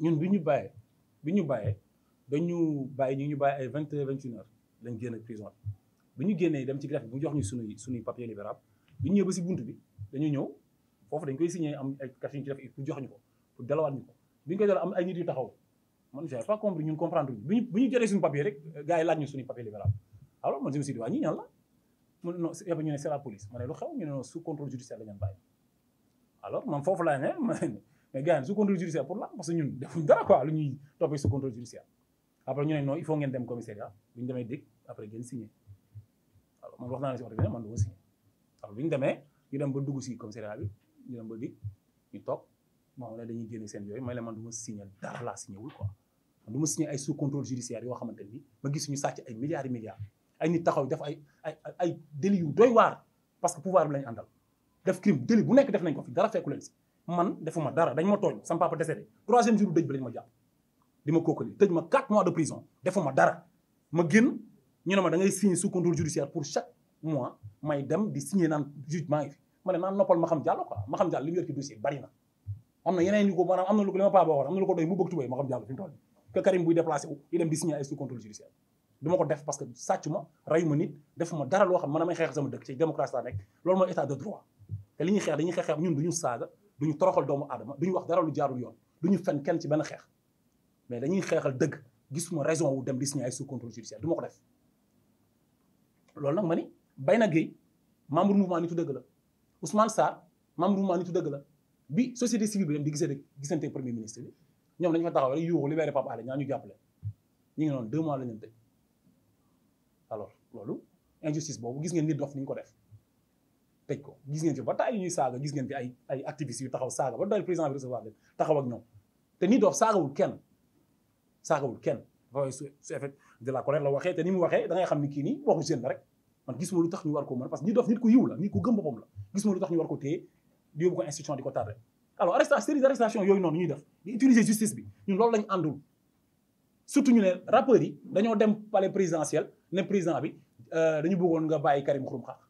ñun bi ñu bàyyee bi ñu bàyyee dañu bayé ñu ñu bàyyi ay vingt 21 vingt une heures lañ génn prison bi ñu génnee dem ci greffe bi jox ñu suñu suñu papier libérable bi ñu ñëw ba si bunt bi dañu ñëw fofu dañ koy signé am ay carte ñu ci def pour jox ñu ko pour délawat ñu ko bi ñu koy am ay nit yu taxaw man j'ai pas compris ñun comprendre bi ñu bi ñu jotee suñu papier rek gaay yi laaj ñu suñuy papier libérable alors man je me suis dit waa ñii la mu non ñu ne c'est la police mané lu xew ñu ne non sous contrôle judiciaire la ñu alors man fofu laa ne mais gars sous contrôle judiciaire pour là parce que ñun devons dara quoi lu ñuy toppee sous contrôle judiciaire après ñu non il faut ngeen dem commissariat buñ démé demee après gën signé alors mon wax naa ci si bi man do ma signé alors bu ñu demee ñu dem ba dugg ci commissariat bi ñu dem ba dig ñu top moom la dañuy génne sen yoy may la man du signé dara laa signé wul quoi man du ma signé ay sous contrôle judiciaire yo xamanteni ni ma gis ñu sàcc ay milliards et milliards ay nit taxaw def ay ay ay délits yu doy war parce que pouvoir bi lañu àndal def crime délit bu nekk def nañ ko fi dara fekku ci man defuma dara dañ ma tooñ sama papa décédé troisième jour dëj bi lañ ma jàpp di ma kookali ma 4 mois de prison defuma dara ma guen ñu ne ma da ngay signer sous contrôle judiciaire pour chaque mois may dem di signer nan jugement maa ngi fi ma ma xam jallo quoi ma xam jàll li mu yor ci dossier bari na amna yeneen ni ko maanaam am lu ko lima pa paa boo waxoon lu ko doy mu bëgg tubay ma xam jàllo fi mu toll que Karim buy déplacer wu di dem di signer ay sous contrôle judiciaire duma ko def parce que sàcc ma rayu ma nit defu dara lo xam manamay xex sama dëkk ci démocratie laa nekk loolu mooy état de droit te li ñuy xeex dañuy xeex ñun duñu saga ñu toroxal doomu aadama duñu wax dara lu jaarul yoon ñu fen kenn ci benn xeex mais dañuy xeexal dëgg gisuma raison wu dem di signer ay sous contrôle judiciaire du ma ko def loolu nag ma ni Bayna Gueye membre mouvement nitu dëgg la Ousmane Sarr membre mouvement nitu dëgg la bi société civile bi dem di gisee gisante premier ministre bi ñoom dañu fa taxaw rek yuuxu libéré Pape ñu jàppale ñu ngi mois la ñu tëj loolu injustice boobu gis ngeen nit dof ni ñu ko def tëj ko gis ngeen ci ba taay ñuy saaga gis ngeen fi ay ay activistes yu taxaw saaga ba doy président bi recevoir leen taxaw ak ñoom te nii doof saagawul kenn saagawul kenn waaye su su effet de la colère la waxee te ni mu waxee da ngay xam ni kii nii waxu seen la rek man gis ma lu tax ñu war ko mën parce que ni doof nit ku yiw la nit ku gëm boppam la gis ma lu tax ñu war ko téye di yóbbu ko institution di ko tardé alors arrestation série d'arrestation yooyu noonu ñuy def di utiliser justice bi ñun loolu lañ àndul surtout ñu ne rappeurs yi dañoo dem palais présidentiel ne président bi euh, dañu bëggoon nga bàyyi Karim Xurum Xax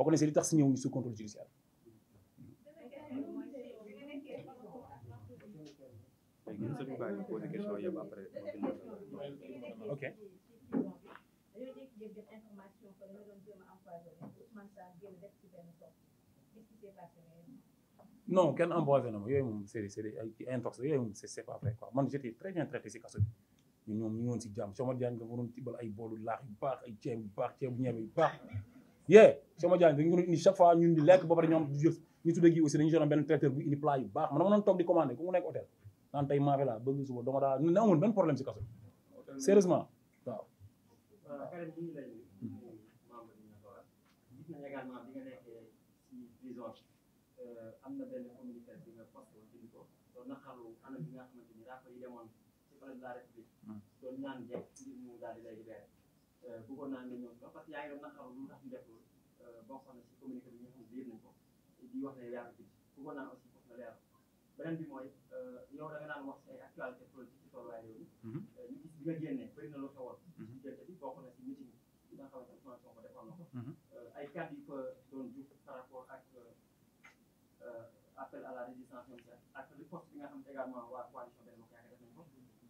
bokk na si li tax si ñëwuñu sous contrôle judiciaire ok non kenn empoisonné ma yooyu moom c'est c'est ay intox yooyu moom c'est pas vrai quoi man j'étais très bien traité si kaso bi ñun ñoom ñu ngi woon si jàmm Somadou Diagne dafa doon tibbal ay boolu laax yu baax ay ceeb yu baax ceebu ñebe yu baax yee sama jaay dañu ko chaque fois ñun di lekk ba pare ñoom du jëf ñu tuddee gi aussi dañu joxoon benn traiteur bu indi plat yu baax man dama doon toog di commandé ku mu nekk hôtel naan tey maafe laa bëgg suba dama ne amoon benn problème si kaso sérieusement na benn bi nga posté woon bind ko doon naqarlu anam bi Euh, bëggoon naa nga ñëw si parce que yaa ngi doon naqaru lu tax ñu def loolu euh, na si communiqué bi nga xam ne yëg nañ ko di wax ne leeral bi bëggoon naa aussi foofu nga leeral beneen bi mooy euh, yow da nga naan wax si ay actualité politique ci tolluwaay réew mi mhm. ñu gis bi nga génnee bëri na loo xewoon si mhm. diggante bi bokk na si meeting bi nga xamante ne Ousmane Sonko defoon na ko mhm. ay kàddu yu fa doon jub par rapport ak appel à la résistance ak riposte bi nga xam également waa coalition Benno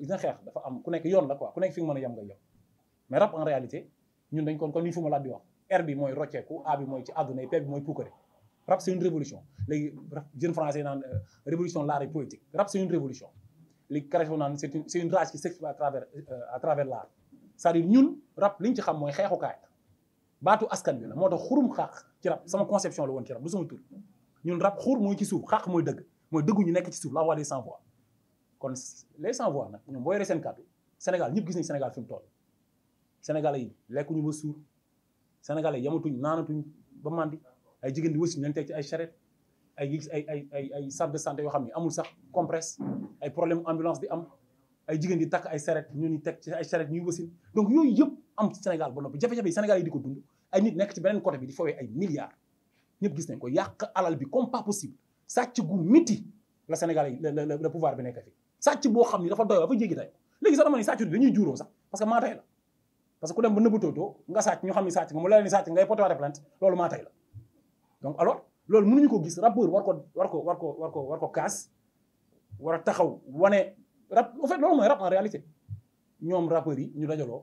dina xex dafa am ku nekk yoon la quoi ku nekk fi nga mën a yem nga yam mais rap en réalité ñun dañ kon kon ni fu ma la di wax R bi mooy rocceeku A bi mooy ci àdduna yi P bi mooy puukare rap c'est une révolution léegi jeune français naan euh, révolution l'art et poétique rap c'est une révolution léegi carrément naan c'est une c'est une rage qui s'exprime à travers euh, à travers l'art c'est-à-dire ñun rap liñ ci xam mooy xeexukaay baatu askan bi la moo tax xurum xaq ci rap sama conception la woon ci rap du sama tur ñun rap xur mooy ci suuf xaq mooy dëgg mooy dëggu ñu nekk ci suuf la voix des sans voix kon les sans voix nag ñoom boo yoree seen kàddu Sénégal ñepp gis nañ Sénégal fi toll sénégal yi lekkuñu ba suur sénégal yi yamatuñ naanatuñ ba mandi ay jigéen di wëssi ñu leen ci ay charrette ay ay ay ay ay centre de santé yo xamni amul sax compresse ay problème ambulance di am ay jigéen di tak ay charrette ñu ni tek ci ay charrette ñuy wëssin donc yoy yëpp am Sénégal ba noppi jafe-jafe Sénégal yi diko dund ay nit nek ci benen côté bi di fowé ay milliards ñepp gis nañ ko yak alal bi comme pas possible sàcc gu miti la Sénégal yi le pouvoir bi nek fi sàcc boo xam ni dafa doy dafa jéggi tey léegi sax dama ni sàccut bi dañuy juuroo sax parce que maa tey la parce que ku dem ba nëbbatootoo nga sàcc ñu xam ni sàcc nga mu la ni sàcc ngay porté plainte la donc alors loolu mënuñu ko gis rappeur war ko war ko war ko war ko war ko kaas war a taxaw wane rap en fait loolu mooy rap en réalité ñoom rappeurs yi ñu dajaloo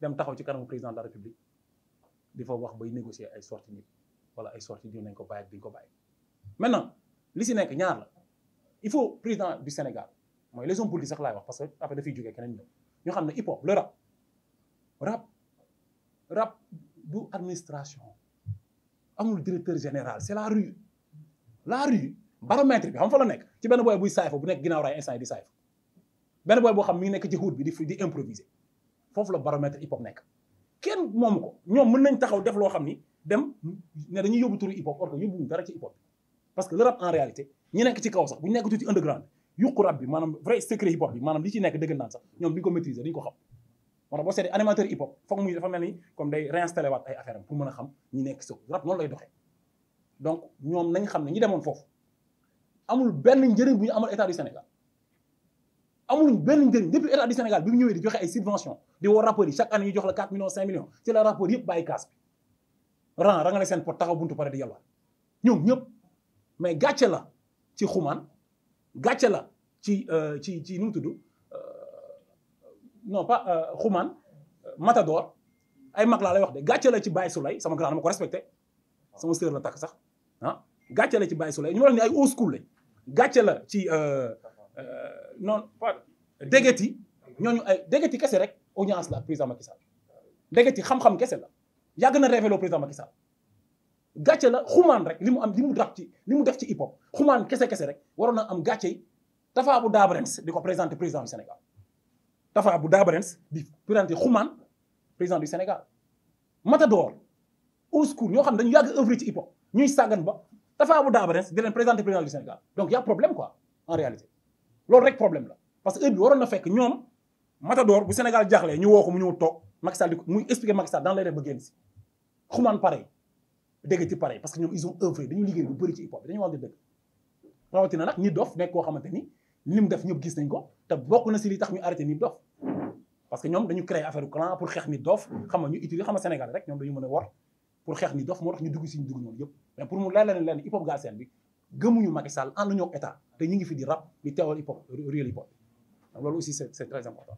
dem taxaw ci kanamu président de la république di fa wax bay négocier ay sorties nit wala ay sorties diw nañ ko bàyyi ak duñ ko bàyyi maintenant li si nekk ñaar il faut président du Sénégal les hommes politiques sax wax parce que après dafay keneen ont ñu hip hop le rap rap rap du administration amul directeur général c'est la rue la rue baromètre bi xam fa la nek ci ben boy bu saayfa bu nek ginaaw ray instant di ben boy bo xam mi nek ci bi di improviser baromètre hip hop nek kenn mom ko ñom mën nañ taxaw def dem ne dañuy hop que dara ci hip hop parce que le rap en réalité ñi nek ci kaw sax bu underground yuqu rab bi vrai secret hip hop manam li ci nek dëgg naan sax ñom duñ ko maîtriser duñ ko xam moo tax boo animateur hip hop foog muy dafa melni comme day réinstaller waat ay affaire pour mëna xam ñi nek so rab non lay doxé donc ñom nañ xam ne ñi demoon fofu amul benn njëriñ bu ñu amal état du Sénégal amul benn njëriñ depuis état du Sénégal bi mu ñëwee di joxé ay subvention di wo rappeurs yi chaque année ñu jox la 4 millions 5 millions ci la rapport yëpp bàyyi cas bi ran rangale sen pot taxaw buntu paré di yalla ñom ñëpp mais gatché la ci xumaan gàcce la ci euh, ci ci nu mu tudd euh, non pas xumaan euh, matador ay mag laa lay wax de gàcce la ci Baye Souley sama grand ma ko respecté sama sœur la takk sax ah gàcce la ci Baye Souley ñu ma wax ni ay old school lañ gàcce la ci non pas dégeti ñooñu ay dégeti kese rek audience la président Macky Sall dégeti xam-xam kese la yàgg na révélé président Macky gàcce la xumaan rek limu am limu mu daf ci limu def ci hip hop xumaan kessé kessé rek warona am gàcce Tafa bu Dabarens diko présenter président du Sénégal Tafa bu Dabarens di présenter xumaan président du Sénégal. Matador au secours ñoo xam dañu yàgg œuvre ci hip hop ñuy sàggan ba Tafa bu Dabarens di len présenter président du Sénégal donc il y' a problème quoi en réalité lool rek problème la parce que heure bi waroon fekk ñom Matador bu Sénégal jaxlé ñu woo mu ñu tok Macky Sall di muy expliquer Macky Sall dans les rêves ba si xumaan pareil dégg ci pare parce que ñoom ils ont œuvré dañu liggéey lu bëri ci hip hop dañu wax deug rawati na nak ñi dof nek ko xamanteni ni lim def ñëpp gis nañ ko te bokku na ci li tax ñu arrêté nit dof parce que ñom dañu créer affaire clan pour xex ni dof xam ñu utiliser xam nga Sénégal rek ñom dañu mëna wor pour xex ni dof mo tax ñu dugg ci ñu dugg ñoom yëpp mais pour mu leer leen leen hip hop ga galsen bi gëmuñu Macky Sall ànd ñoo état te ñi ngi fi di rap di téwol hip hop real hip hop lolu aussi c'est c'est très important